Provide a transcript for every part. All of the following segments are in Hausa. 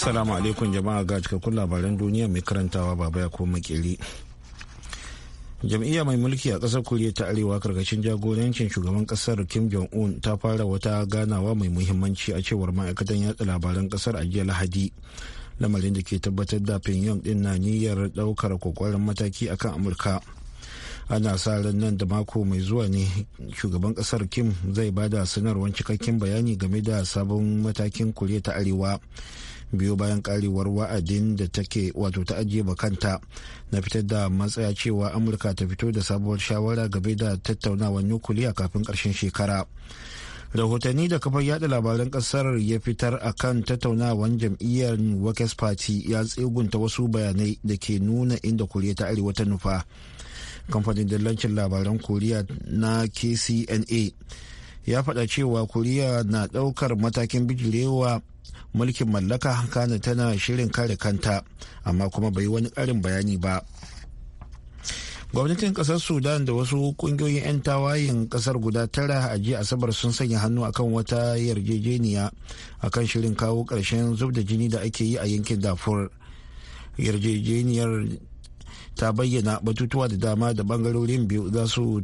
Assalamu alaikum jama'a ga cikakkun labaran duniya mai karantawa baba ya koma kiri. Jam'iyya mai mulki a ƙasar Koriya ta Arewa karkashin jagorancin shugaban ƙasar Kim Jong-un ta fara wata ganawa mai muhimmanci a cewar ma'aikatan yatsa labaran ƙasar a jiya Lahadi. Lamarin da ke tabbatar da Pyongyang din na niyyar ɗaukar kokarin mataki akan Amurka. ana sa ran nan da mako mai zuwa ne shugaban kasar kim zai bada sanarwar cikakken bayani game da sabon matakin koriya ta arewa biyo bayan karewar wa'adin da take wato ta ajiye kanta na fitar da matsaya cewa amurka ta fito da sabuwar shawara game da tattaunawar nukuliya kafin karshen shekara rahotanni da kafar yada labaran kasar ya fitar a kan tattaunawan jam'iyyar workers party ya tsegunta wasu bayanai da ke nuna inda koriya ta arewa ta nufa kamfanin dillancin labaran koriya na kcna ya faɗa cewa koriya na ɗaukar matakin bijirewa mulkin mallaka kana tana shirin kare kanta amma kuma bai wani karin bayani ba gwamnatin kasar sudan da wasu kungiyoyin 'yan tawayin kasar guda tara a jiya asabar sun sanya hannu akan wata yarjejeniya akan shirin kawo ƙarshen zub da jini da ake yi a yankin dafur yarjejeniyar ta bayyana batutuwa da dama da bangarorin biyu za su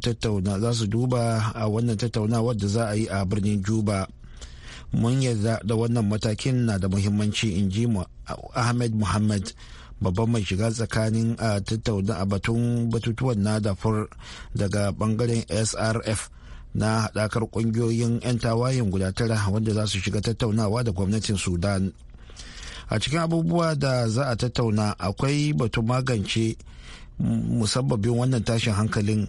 duba a wannan tattaunawar da za a yi a birnin juba mun yarda da wannan matakin na da muhimmanci in ji ahmed muhammad babban mai shiga tsakanin a tattauna a batun batutuwan na dafur daga bangaren srf na hadakar kungiyoyin 'yan tawayen guda tara wanda za su shiga tattaunawa da gwamnatin sudan a cikin abubuwa da za a tattauna akwai batun magance musabbabin wannan tashin hankalin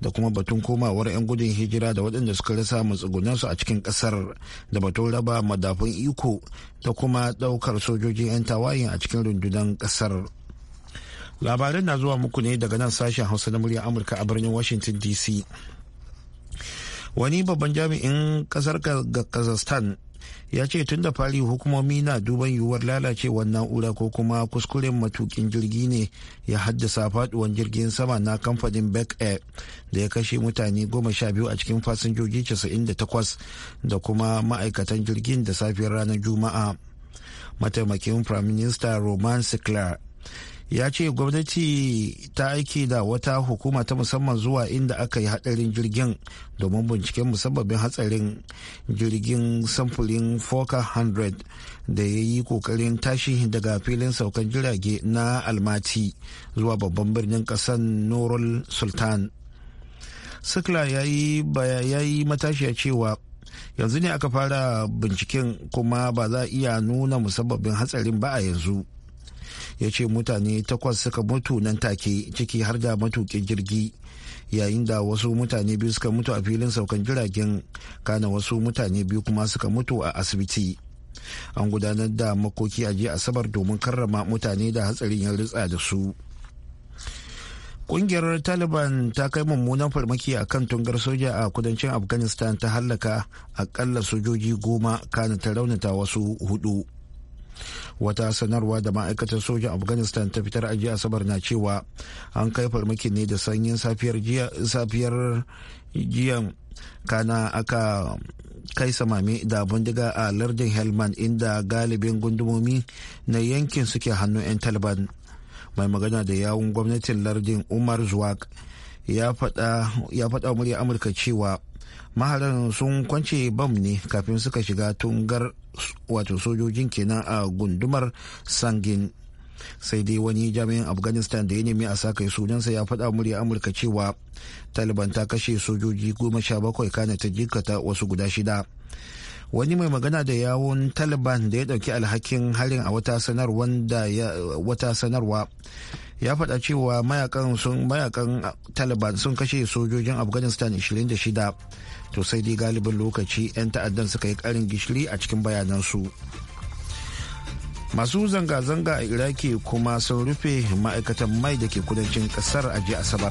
da kuma batun komawar 'yan gudun hijira da waɗanda suka rasa matsugunansu a cikin ƙasar da batun raba madafun iko da kuma ɗaukar sojojin 'yan tawayin a cikin rundunar ƙasar labarin na zuwa muku ne daga nan sashen hausa na murya amurka a birnin washington dc wani babban jami'in kasar kazakhstan ya ce tun da fari hukumomi na duban yiwuwar lalacewar na'ura ko kuma kuskuren matukin jirgi ne ya haddasa faduwan jirgin sama na kamfanin back air da ya kashe mutane goma sha biyu a cikin fasinjoji casa'in da takwas da kuma ma'aikatan jirgin da safiyar ranar juma'a mataimakin prime minister roman sinclair ya ce gwamnati ta aiki da wata hukuma ta musamman zuwa inda aka yi hadarin jirgin domin binciken musabbabin hatsarin jirgin samfurin foka 100 da ya yi kokarin tashi daga filin saukan jirage na almati zuwa babban birnin kasan norol sultan sikla ya yi matashi ya cewa yanzu ne aka fara binciken kuma ba za a iya nuna musabbabin hatsarin ba a yanzu ya ce mutane takwas suka mutu nan take ciki har da matukin jirgi yayin da wasu mutane biyu suka mutu a filin saukan jiragen kana wasu mutane biyu kuma suka mutu a asibiti an gudanar da makoki a jiya asabar domin karrama mutane da hatsarin ya ritsa da su kungiyar taliban ta kai mummunan farmaki a kan tungar soja a kudancin afghanistan ta hallaka akalla sojoji goma kana ta raunata wasu hudu wata sanarwa da ma'aikatar sojan afghanistan ta fitar a asabar na cewa an kai farmaki ne da sanyin safiyar jiyan kana aka kai samami da bindiga a lardin helman inda galibin gundumomi na yankin suke hannun 'yan taliban mai magana da yawun gwamnatin lardin umar zuwak ya faɗa murya amurka cewa maharan sun kwance bam ne kafin suka shiga tungar wato sojojin kenan a gundumar sangin sai dai wani jami'in afghanistan da ya nemi a sa kai sunansa ya faɗa murya amurka cewa taliban ta kashe sojoji goma sha bakwai kana ta jikata wasu guda shida wani mai magana da yawon taliban da ya dauki alhakin harin a wata sanarwa ya faɗa cewa mayakan taliban sun kashe sojojin afghanistan 26 to sai dai galibin lokaci 'yan ta'addan suka yi karin gishiri a cikin bayanansu masu zanga-zanga a iraki kuma sun rufe ma'aikatan mai da ke kudancin kasar a asabar. asabar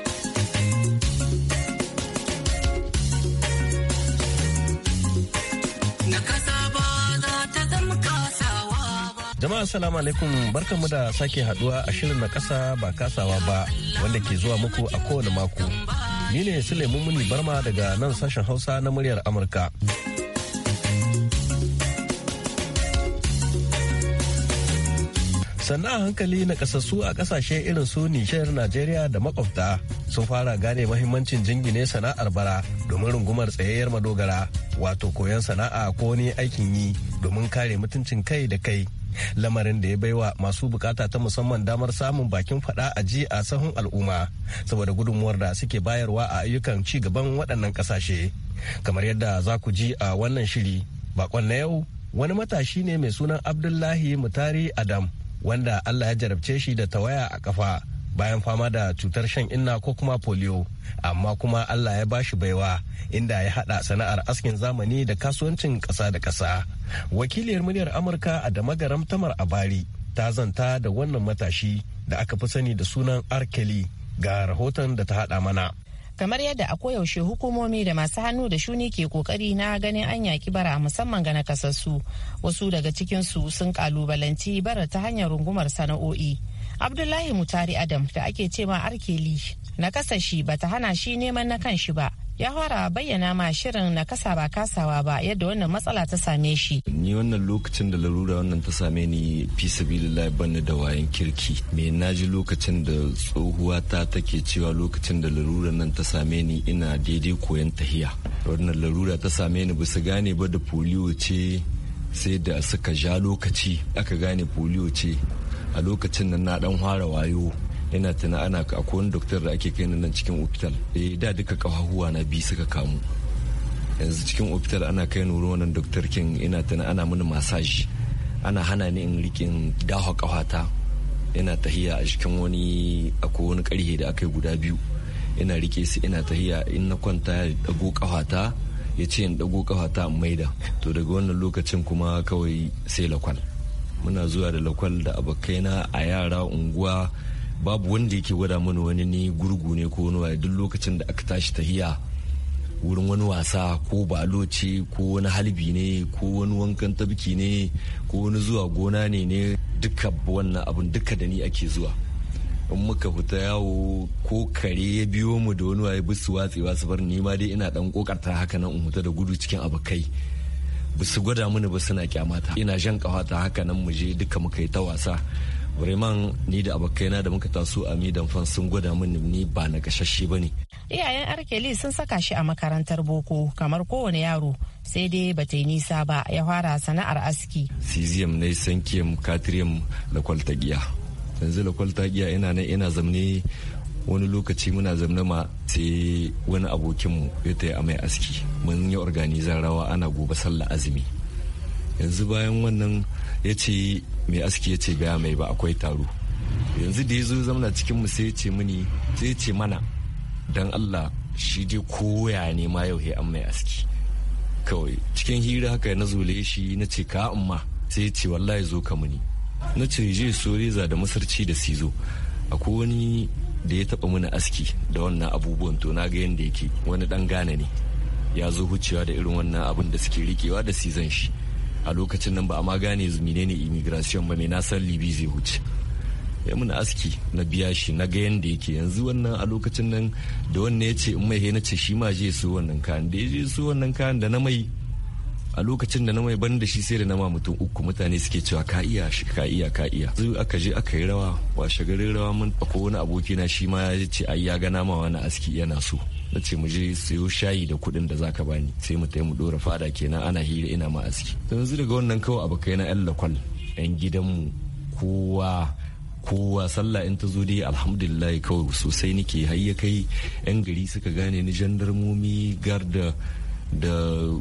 Jama'a salamu alaikum barkanmu da sake haduwa a shirin na kasa ba kasawa ba wanda ke zuwa muku a kowane mako. Ni ne Suleiman Muni Barma daga nan sashen Hausa na muryar Amurka. sannan a hankali na kasassu a kasashe irin su nishiyar najeriya da makwabta sun fara gane mahimmancin jingine sana'ar bara domin rungumar tsayayyar madogara wato koyon sana'a ko wani aikin yi domin kare mutuncin kai da kai lamarin da ya baiwa masu bukata ta musamman damar samun bakin fada a ji a sahun al'umma saboda gudunmuwar da suke bayarwa a ayyukan ci gaban waɗannan ƙasashe kamar yadda za ku ji a wannan shiri bakon na yau wani matashi ne mai sunan abdullahi mutari adam wanda allah ya jarabce shi da tawaya a kafa bayan fama da cutar shan inna ko kuma polio amma kuma allah ya bashi baiwa inda ya hada sana'ar askin zamani da kasuwancin kasa da kasa wakiliyar muryar amurka a damagaram tamar abari ta zanta da wannan matashi da aka fi sani da sunan arkeli ga rahoton da ta hada mana kamar yadda a koyaushe hukumomi da masu hannu da shuni ke kokari na ganin an yaki bara musamman ga nakasassu wasu daga cikinsu sun kalubalanci bara ta hanyar rungumar sana'o'i abdullahi mutari adam da ake ce ma arkeli na kasa shi bata hana shi neman na kan shi ba ya fara bayyana ma shirin na kasa ba kasawa ba yadda wannan matsala ta same shi ni wannan lokacin da larura wannan ta same ni fi sabilillah banni da wayan kirki me naji lokacin da tsohuwa ta take cewa lokacin da larura nan ta same ni ina daidai koyan tahiya wannan larura ta same ni bisa gane ba da polio ce sai da suka ja lokaci aka gane polio ce a lokacin nan na dan fara wayo ina tana ana akwai wani doktor da ake kai nan cikin hospital eh da duka kafahuwa na biyu suka kamu yanzu cikin hospital ana kai ni wannan doktor kin ina tana ana mini masaji ana hana ni in rikin dawa kafata ina tahiya a cikin wani akwai wani karhe da aka yi guda biyu ina rike su ina tahiya in na kwanta ya dago kafata ya ce in dago kafata in maida to daga wannan lokacin kuma kawai sai lakwal muna zuwa da lakwal da abokaina a yara unguwa babu wanda yake gwada mana wani ni gurgu ne ko wani duk lokacin da aka tashi tahiya wurin wani wasa ko baloce ko wani halbi ne ko wani wankan tabki ne ko wani zuwa gona ne ne duka wannan abun duka da ni ake zuwa in muka fita yawo ko kare ya biyo mu da wani waye bisu watsewa su bar ni ma dai ina dan kokarta haka nan in huta da gudu cikin abokai ba su gwada mini ba suna kyamata ina jan kawata haka nan muje duka muka yi ta wasa Bremen ni da abokaina da muka taso a midan fan sun gwada mini ni ba na gashashe ba ne. Iyayen Arkeli sun saka shi a makarantar boko kamar kowane yaro sai dai ba ta yi nisa ba ya fara sana'ar aski. Cesium ne sankiyam katriyam da kwaltagiya. Yanzu da kwaltagiya ina nan ina zamne wani lokaci muna zamne ma sai wani abokinmu ya taya a aski mun yi organizar rawa ana gobe sallah azumi yanzu bayan wannan ya ce mai aski ya ce gaya mai ba akwai taro yanzu da ya zo zamana cikin mu sai ya ce mini sai ce mana dan Allah shi dai koya ne ma yau an mai aski kawai cikin hira haka na zule shi na ce ka amma sai ya ce wallahi zo ka muni na ce je so reza da masarci da sizo akwai wani da ya taba mana aski da wannan abubuwan to na ga yadda yake wani dan gane ne ya zo hucewa da irin wannan abin da suke rikewa da sizan shi a lokacin nan ba a ma gane ne immigration ba mai na san libi zai huce ya mini aski na biya shi na ga yadda yake yanzu wannan a lokacin nan da wannan ya ce in mai na ce shi ma je so wannan kayan da ya je so wannan kayan da na mai a lokacin da na mai ban da shi sai da na ma mutum uku mutane suke cewa ka iya shi ka iya ka iya zu aka je aka yi rawa wa garin rawa mun ko wani aboki na shi ma ya ce ai ya gana ma wani aski yana so na ce mu je sayo shayi da kuɗin da zaka bani sai mu tai mu dora fada kenan ana hira ina ma aski yanzu daga wannan kawai abokai na yan lakwal yan gidanmu kowa kowa sallah in ta zo dai alhamdulillah kawai sosai nake har kai yan gari suka gane ni jandarmomi garda da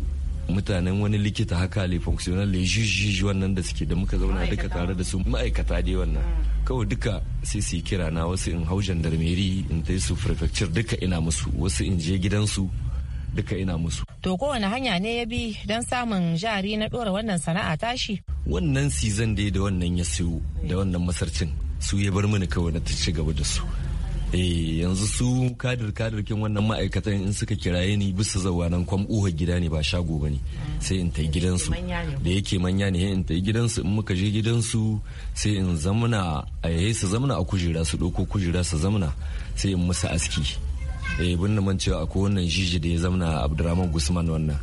mutanen wani likita haka le fonctionnel le jujjuj wannan da suke da muka zauna duka tare da su ma'aikata dai wannan hmm. kawai duka sai su yi kira na wasu in hau jandarmeri in ta su prefecture duka ina musu wasu in je gidansu duka ina musu. To kowane hanya ne ya bi don samun jari na ɗora wannan sana'a tashi? Wannan season dai da wannan ya siyo da wannan masarcin su ya bar mini kawai na ta ci gaba da su. eh yanzu su kadir kin wannan ma'aikatan in suka kiraye ni bisa zawa nan kwam uhar gida ne ba shago ba ne sai in ta'i gidansu da yake manya ne in ta'i gidansu in muka je gidansu sai in zamana a yayi eh, su zamana a kujera su doko kujera su zamana sai in musu aski eh bin man cewa akwai wannan jiji da ya zamana abdurrahman gusman wannan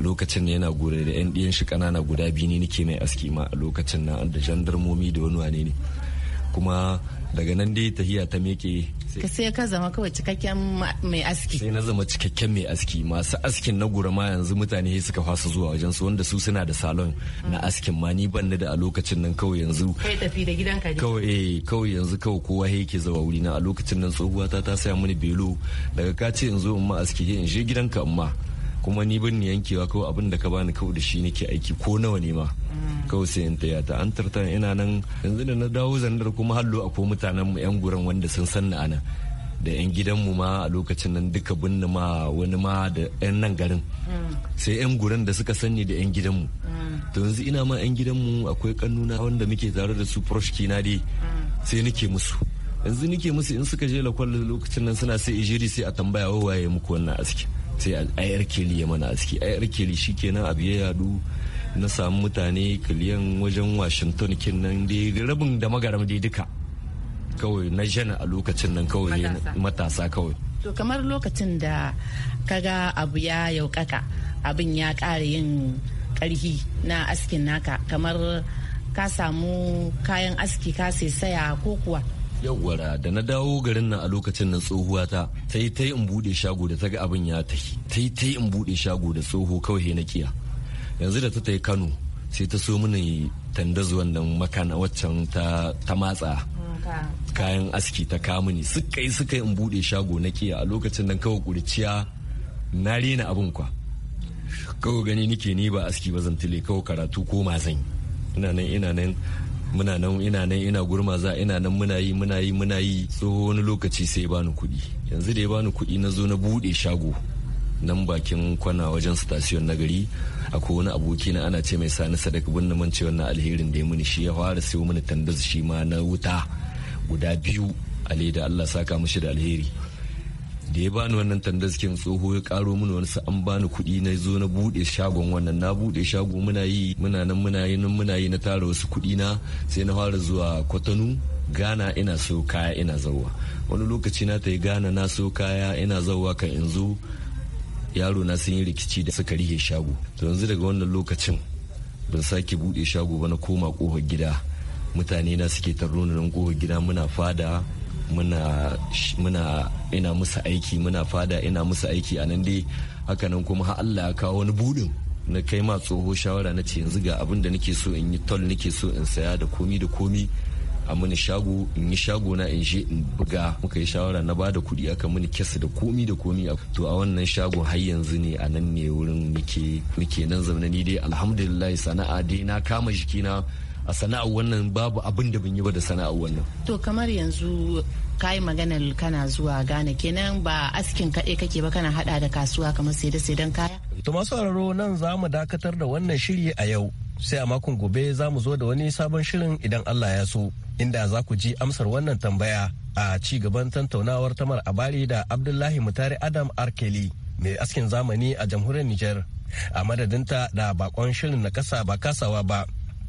lokacin da yana gore da yan ɗiyan shi kanana guda biyu ne nake mai aski ma a lokacin na da jandarmomi da wani wane ne kuma daga nan dai tahiya ta meke ka sai ka zama kawai cikakken mai aski sai na zama cikakken mai aski masu askin na gura ma yanzu mutane sai suka fasa zuwa wajen su wanda su suna da salon na askin ma ni ban da a lokacin nan kawai yanzu kai tafi da gidanka kawai eh kawai yanzu kawai kowa yake zuwa wuri na a lokacin nan tsohuwa ta ta saya mini belo daga ka ce yanzu in ma aski in je gidanka amma kuma ni ban ni yankewa kawai abin da ka bani kawai da shi nake aiki ko nawa ne ma mm. kawai sai in taya ta an tartan ina nan yanzu da na dawo zandar kuma hallo ko mutanen mu yan guran wanda sun san ni ana da 'yan gidanmu ma a lokacin nan duka binne ma wani ma da 'yan nan garin mm. sai 'yan guran da suka sani da 'yan gidanmu mm. to yanzu ina ma 'yan gidanmu akwai kannuna wanda muke tare da su proshki na dai sai nake musu yanzu nake musu in suka je lakwal lokacin nan suna sai ijiri sai a tambaya wawaye muku wannan aski sai a keli ya mana aski a yarkeli shikenan abu ya yadu na samu mutane kiliyan wajen washington kin nan da rabin da magaram dai duka kawai na jana a lokacin nan kawai matasa kawai to kamar lokacin da kaga abu ya yaukaka abin ya kare yin karhi na askin naka kamar ka samu kayan aski ka sai saya ko kuwa yawwara da na dawo garin nan a lokacin nan tsohuwa ta ta yi ta yi in buɗe shago da ta ga abin ya ta ta yi ta yi in buɗe shago da tsoho kawai na kiya yanzu da ta ta yi kano sai ta so mini tandazuwan nan makana waccan ta, ta matsa kayan aski ta kama ni suka yi suka in buɗe shago na kiya a lokacin nan kawai kurciya na rena abin kwa kawai gani nike ni ba aski ba zan tile kawai karatu ko mazan ina nan ina nan muna nan ina nan ina gurma za ina nan muna yi muna yi muna yi tsoho wani lokaci sai bani kuɗi yanzu da ya bani kuɗi na zo na buɗe shago nan bakin kwana wajen station na gari akwai wani aboki na ana ce mai sani sadaka bin man ce wannan alherin da ya muni shi ya fara siyo mini tandas shi ma na wuta guda biyu a leda Allah saka mishi da alheri da ya bani wannan tandaskin tsoho ya karo mini wani an bani kuɗi na zo na buɗe shagon wannan na buɗe shago muna yi muna nan muna yi nan muna yi na tara wasu kuɗi na sai na fara zuwa kwatanu gana ina so kaya ina zauwa wani lokaci na ta yi gana na so kaya ina zauwa kan in zo yaro na sun yi rikici da suka rihe shago to yanzu daga wannan lokacin ban sake buɗe shago ba na koma ƙofar gida mutane na suke tarro na kofar gida muna fada muna muna ina musu aiki muna fada ina musu aiki a nan dai hakanan kuma har Allah ya kawo wani budin na kai ma tsoho shawara na ce yanzu ga abin da nake so in yi tol nake so in saya da komi da komi a mini shago in yi shago na in je in buga muka yi shawara na bada kuɗi aka mini kesa da komi da komi to a wannan shago har yanzu ne a nan ne wurin nike nan zaune ni dai alhamdulillah sana'a dai na kama jikina a sana'ar wannan babu abin da yi ba da sana'ar wannan to kamar yanzu kayi maganar kana zuwa Ghana kenan ba askin kaɗai kake ba kana hada da kasuwa kamar sai da sai kaya to masu sauraro nan za mu dakatar da wannan shiri a yau sai a makon gobe za mu zo da wani sabon shirin idan Allah ya so inda za ku ji amsar wannan tambaya a ci gaban tantaunawar tamar a abari da Abdullahi Mutare Adam Arkeli mai askin zamani a jamhuriyar Nijar a madadinta da bakon shirin na kasa ba kasawa ba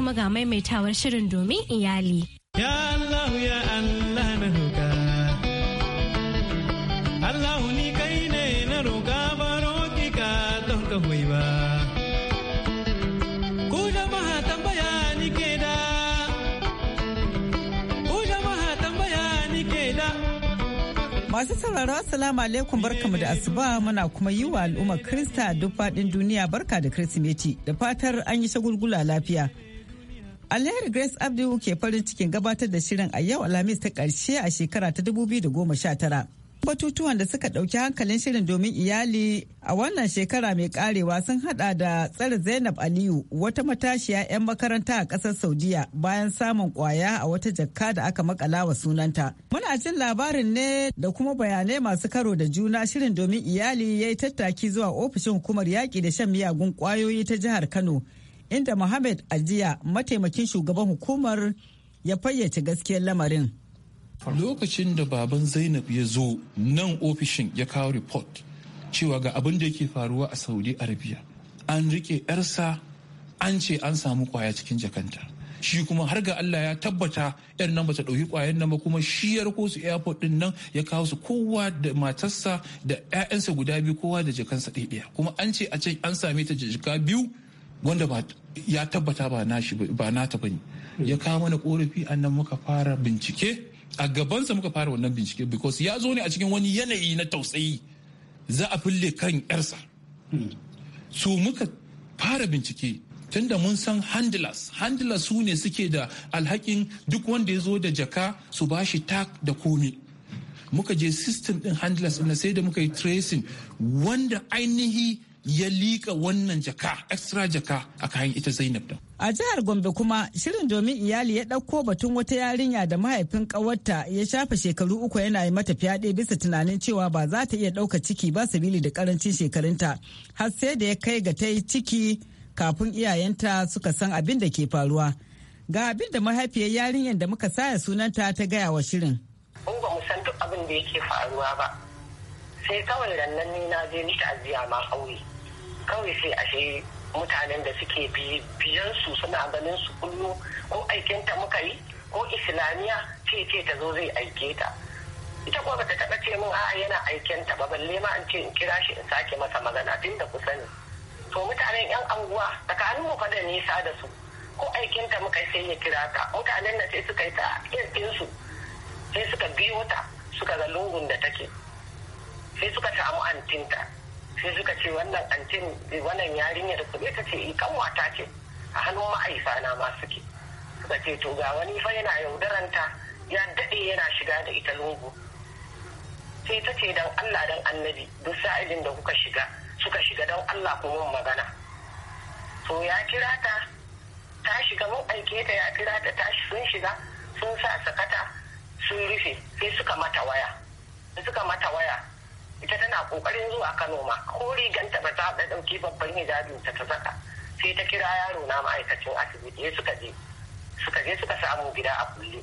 kuma ga maimaitawar shirin domin iyali. Ya Allah ne na Masu sauraro Assalamu alaikum barkamu da asuba muna kuma yi wa al'ummar Krista duk faɗin duniya barka da Kirsimeti da fatar an yi shagulgula lafiya. Alheri Grace Abdu ke farin cikin gabatar da shirin a yau Alhamis ta karshe a shekara ta 2019. Batutuwan da suka ɗauki hankalin shirin domin iyali a wannan shekara mai karewa sun hada da tsare Zainab Aliyu wata matashiya 'yan makaranta a ƙasar Saudiya bayan samun kwaya a wata jakka da aka makala wa sunanta. Muna jin labarin ne da kuma bayanai masu karo da juna shirin domin iyali ya yi tattaki zuwa ofishin hukumar yaƙi da shan miyagun ƙwayoyi ta jihar Kano. inda Mohammed jiya mataimakin shugaban hukumar ya fayyace gaskiyar lamarin. Lokacin da baban Zainab ya zo nan ofishin ya kawo report cewa ga abin da yake faruwa a Saudi Arabia an rike 'yarsa an ce an samu kwaya cikin jakanta. shi kuma har ga Allah ya tabbata yan nan bata ɗauki kwayan nan ba kuma shi ya rako su airport din nan ya kawo su kowa da matarsa da 'ya'yansa guda biyu kowa da jakansa ɗaya kuma an ce a ce an same ta jika biyu wanda ba ya tabbata ba nashi ba nata bane ya kawo mana korafi annan muka fara bincike a gabansa muka fara wannan bincike because ya zo ne a cikin wani yanayi na tausayi za a fille kan yarsa su muka fara bincike tunda mun san handlers handlers su ne suke da alhakin duk wanda ya zo da jaka su bashi tak da komi muka je system din handlers na sai da muka yi tracing wanda ainihi ya liƙa wannan jaka extra jaka a kayan ita zainab da a jihar gombe kuma shirin domin iyali ya ɗauko batun wata yarinya da mahaifin ƙawarta ya shafe shekaru uku yana yi mata fyaɗe bisa tunanin cewa ba za ta iya ɗauka ciki ba sabili da ƙarancin shekarunta har sai da ya kai ga ta yi ciki kafin iyayenta suka san abin da ke faruwa ga abin da mahaifiyar yarinyar da muka saya sunanta ta gaya wa shirin. Mun ba mu san duk abin da yake faruwa ba. sai kawai rannan na je ni ta'aziyya ma ƙauye kawai sai ashe mutanen da suke biyan su suna ganin su kullu ko aikin ta muka yi ko islamiyya ce ce ta zo zai aike ta ita kuma bata taɓa ce min a'a yana aikin ta ba balle ma an ce in kira shi in sake masa magana tun da kusa ne to mutanen yan anguwa tsakanin mu fa da nisa da su ko aikin ta muka sai ya kira ta mutanen da sai suka yi ta irin su sai suka biyo ta suka ga lungun da take sai suka samu antinta sai suka ce wannan antin wannan yarinya da kuɗe ta ce i eh, kanwata ce a hannun ma'aifa na ma suke suka ce to ga wani fa yana yaudaranta ya daɗe yana shiga da ita lungu sai ta ce don Allah don annabi duk sa'ilin da kuka shiga suka shiga don Allah kuma magana to ya kira ta ta shiga mun aike ta ya kira ta ta sun shiga sun sa sakata sun rufe sai suka mata waya suka mata waya ita tana kokarin zuwa Kano ma ko riganta ba ta da dauki babban hijabin ta ta saka sai ta kira yaro na ma'aikacin asibiti suka je suka je suka samu gida a kulle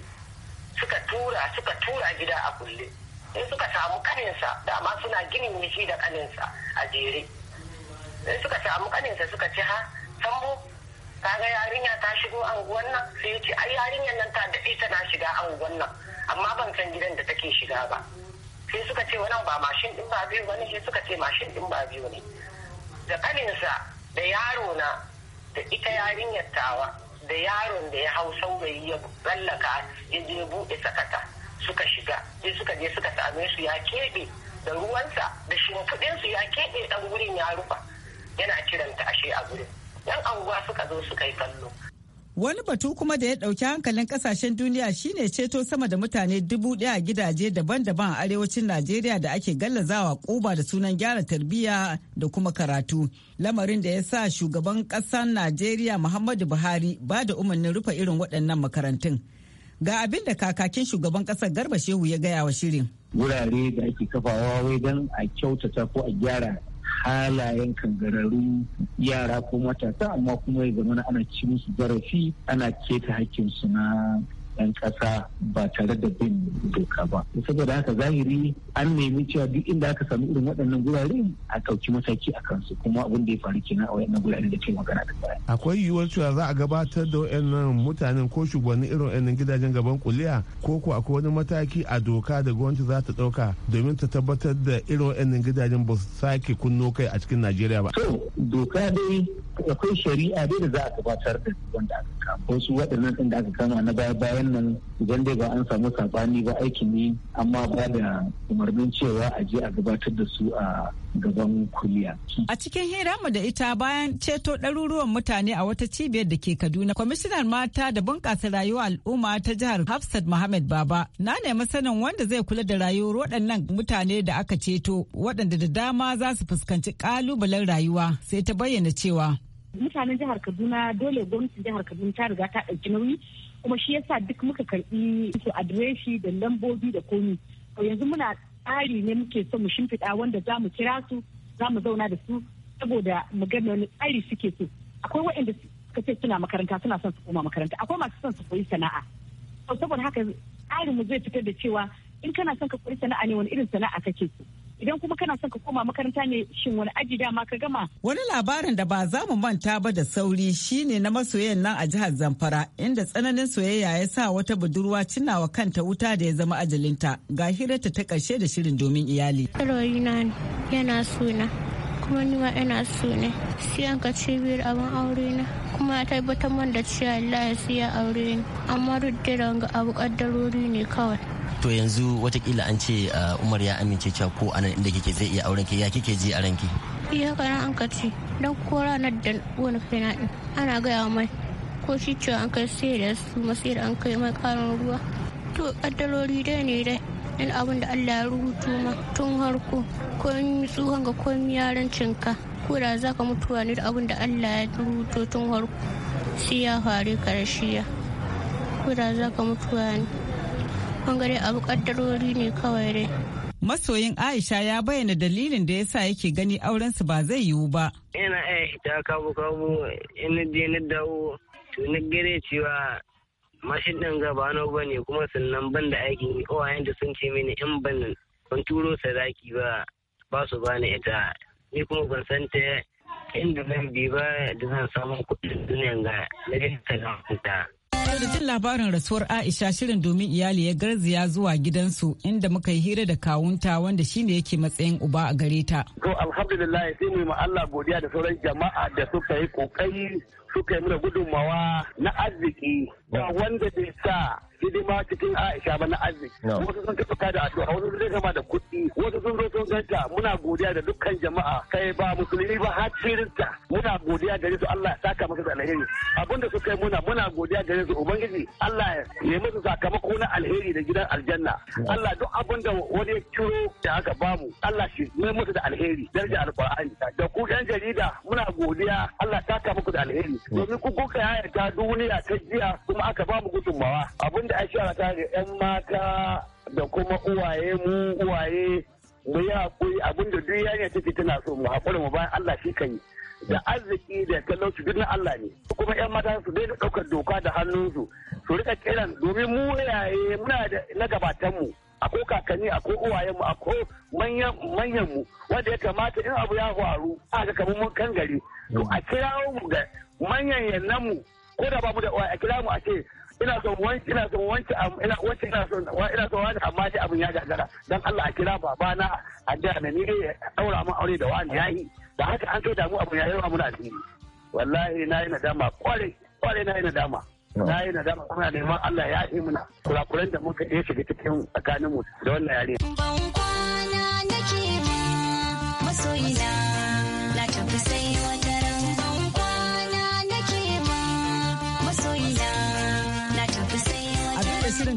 suka tura suka tura gida a kulle in suka samu kaninsa dama suna ginin mishi da kaninsa a jere in suka samu kaninsa suka ce ha sambo kaga yarinya ta shigo anguwan nan sai ya ce ai yarinyar nan ta daɗe tana shiga anguwan nan amma ban san gidan da take shiga ba sai suka ce wannan ba mashin din ba biyu wani sai suka ce mashin din ba biyu ne da kaninsa da yaro na da ita yarinyar tawa da yaron da ya hau saurayi ya tsallaka ya je buɗe sakata suka shiga sai suka je suka same su ya keɓe da ruwansa da shimfiɗinsu ya keɓe ɗan wurin ya rufa yana kiranta ashe a gurin yan anguwa suka zo suka yi kallo Wani batu kuma da ya ɗauki hankalin kasashen duniya shine ceto sama da mutane dubu ɗaya a gidaje daban-daban a arewacin Najeriya da ake gallazawa ƙuba da sunan gyara tarbiyya da kuma karatu. Lamarin da ya sa shugaban ƙasar Najeriya Muhammadu Buhari ba da umarnin rufe irin waɗannan makarantun. Ga abin da kakakin shugaban ƙasar Garba Shehu ya gaya wa shirin. Wurare da ake kafawa wai don a kyautata ko a gyara halayen kangararru yara ko matasa amma kuma ya zama ana ci musu zarafi ana keta hakkinsu na 'yan ƙasa ba tare da bin doka ba saboda haka zahiri an nemi cewa duk inda aka samu irin waɗannan gurare a ɗauki mataki a kansu kuma abin da ya faru kenan a waɗannan gurare da ke magana da baya akwai yiwuwar cewa za a gabatar da waɗannan mutanen ko shugabanni irin waɗannan gidajen gaban kuliya ko ko akwai wani mataki a doka da gwamnati za ta ɗauka domin ta tabbatar da irin waɗannan gidajen ba su sake kunno kai a cikin najeriya ba. doka dai akwai shari'a dai da za a gabatar da wanda aka kama wasu waɗannan ɗin da aka kama na baya bayan nan idan dai ba an samu sabani ba aikin ne amma ba da umarnin cewa a je a gabatar da su a gaban kuliya. A cikin hira mu da ita bayan ceto ɗaruruwan mutane a wata cibiyar da ke Kaduna, kwamishinan mata da bunƙasa rayuwa al'umma ta jihar Hafsat Muhammad Baba na nemi sanin wanda zai kula da rayuwar waɗannan mutane da aka ceto waɗanda da dama za su fuskanci ƙalubalen rayuwa sai ta bayyana cewa. Mutanen jihar Kaduna dole gwamnatin jihar Kaduna ta riga ta ɗauki nauyi kuma shi yasa duk muka karbi su adireshi da lambobi da komi to yanzu muna tsari ne muke so mu shimfiɗa wanda za mu kira su za mu zauna da su saboda mu ga wani tsari suke so akwai waɗanda suka ce suna makaranta suna son su koma makaranta akwai masu son su koyi sana'a to saboda haka tsarin mu zai fitar da cewa in kana son ka koyi sana'a ne wani irin sana'a kake so idan kuma kana son ka koma makaranta ne shin wani aji dama ka gama. Wani labarin da ba za mu manta ba da sauri shine na masoyan nan a jihar Zamfara inda tsananin soyayya ya sa wata budurwa cinawa kanta wuta da ya zama ajalinta ga hirarta ta ƙarshe da shirin domin iyali. Saroyina yana suna kuma ni ma ina so sai an ka cibiyar biyar abin aure na kuma ya tabbatar man da cewa Allah ya aure ni amma duk da abu kaddarori ne kawai. to yanzu watakila an ce uh, umar ya amince cewa ko anan inda kike zai iya auren ki ya kike ji a ranki iya eh, kana an ce dan ko ranar da wani fina din ana gaya mai ko shi cewa an kai sai da su masu da an kai mai karin ruwa to kaddarori dai ne dai in abin da Allah ya rubuto ma tun harko ko in tsohon ga ko yarancin ka ko da za ka mutuwa ne da abin da Allah ya rubuto tun harko sai ya faru ya ko da za ka mutuwa ne kun gani abu kaddarori ne kawai dai masoyin aisha ya bayyana dalilin da yasa yake gani aurensu ba zai yiwu ba yana aya ta kabu kabu ina je na dawo to na gare cewa mashin din gaba na ba ne kuma sannan ban da aikin owayen da sun ce mini in ban ban turo sadaki ba ba su bani ita ni kuma ban san ta inda zan bi ba da zan samu kuɗin duniyan ga na ta da jin labarin rasuwar Aisha shirin domin iyali ya garziya zuwa gidansu inda muka yi hira da kawunta wanda shine yake matsayin uba a gare ta. To alhamdulillah sai mu Allah godiya da sauran jama'a da suka yi kokari suka yi mana gudunmawa na arziki ba wanda bai sa hidima cikin Aisha ba na arziki. Wasu sun kada da addu'a, wasu sun gama da kuɗi, wasu sun zo sun ganta muna godiya da dukkan jama'a kai ba musulmi ba har cirinta muna godiya gare su Allah ya saka masa da alheri. Abinda su kai muna muna godiya gare su Ubangiji Allah ya musu sakamako na alheri da gidan aljanna. Allah duk abinda wani ya kiro da aka bamu Allah shi mai musu da alheri daraja alƙur'ani da ku yan jarida muna godiya Allah ya saka muku da alheri domin ku kuka yaya ta duniya ta jiya kuma aka ba mu gudunmawa Abun da an ana tare 'yan mata da kuma uwaye mu uwaye mu yi haƙuri da duk yanya take tana so mu haƙuri mu bayan Allah shi kan yi da arziki da talauci duk na Allah ne kuma yan mata su daina ɗaukar doka da hannunsu su rika kiran domin mu yaye muna da na gabatanmu akwai kakanni akwai uwayenmu akwai manyan manyanmu wanda ya kamata in abu ya faru a ga kamar mun kan gari to a kirawo mu ga manyan mu. ko da ba mu da a kira mu a ce ina son wani ina son wani ina wani ina son ina son wani amma dai abin ya gagara dan Allah a kira baba na addu'a na ni dai aura mu aure da wani yayi da haka an kai damu abin ya mu mun asiri wallahi na yi nadama kware kware na yi nadama na yi nadama kuma neman Allah ya yi muna kurakuren da muka yi shiga cikin tsakanin mu da wannan yare. Ban kwana nake masoyina.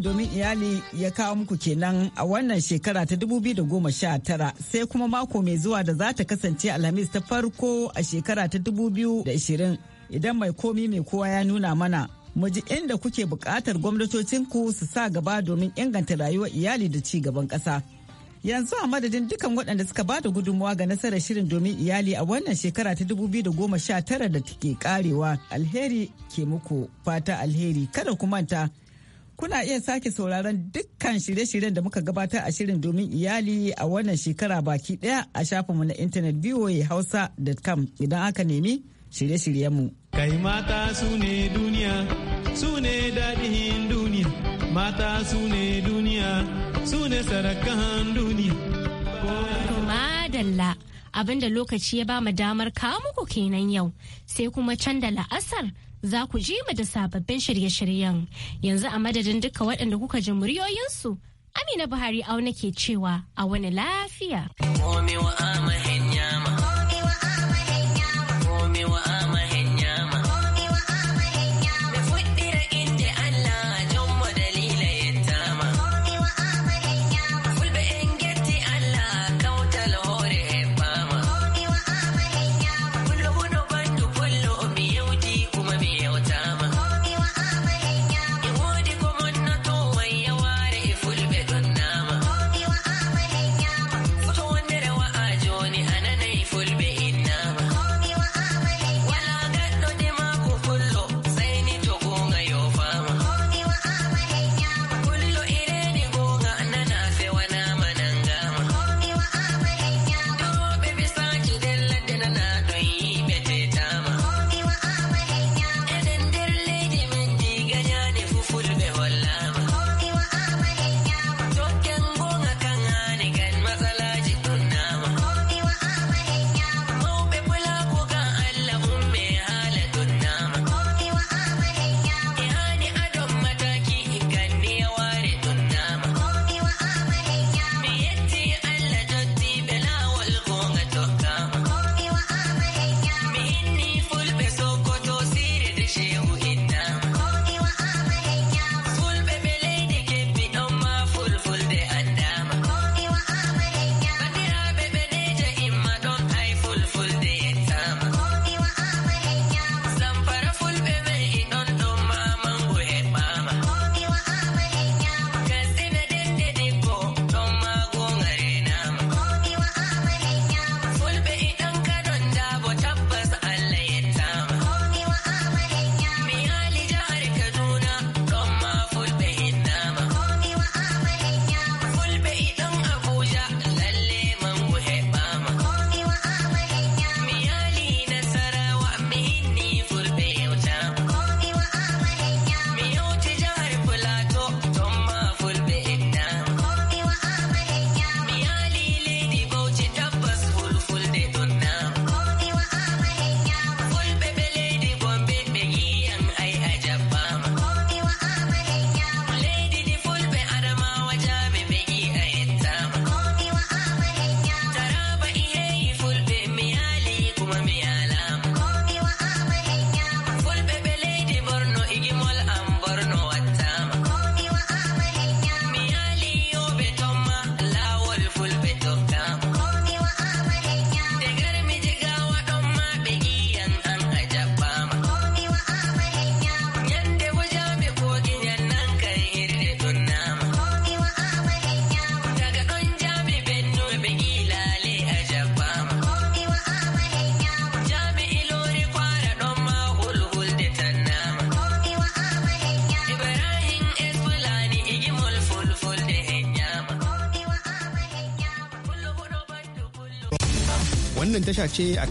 domin iyali ya kawo muku kenan a wannan shekara ta 2019 sai kuma mako mai zuwa da za ta kasance alhamis ta farko a shekara ta 2020 idan mai komi mai kowa ya nuna mana mu ji inda kuke bukatar gwamnatocinku su sa gaba domin inganta rayuwar iyali da ci gaban ƙasa. yanzu a madadin dukkan waɗanda suka ba da gudunmawa ga nasarar shirin domin iyali a wannan shekara ta 2019 da take karewa alheri ke muku fata alheri kada ku manta Kuna iya sake sauraron dukkan shirye-shiryen da muka gabatar a shirin domin iyali a wannan shekara baki daya a shafinmu na intanet voahausa.com idan aka nemi shirye-shiryenmu. Kai mata su ne duniya, su ne daɗin duniya, mata su ne duniya, su ne sarakan duniya. Madalla. abinda lokaci ya ba mu damar kawo muku kenan yau sai kuma can da la'asar za ku ji mu da sababbin shirye-shiryen yanzu a madadin duka waɗanda kuka ji muryoyinsu amina buhari auna ke cewa a wani lafiya. tasha ce a akan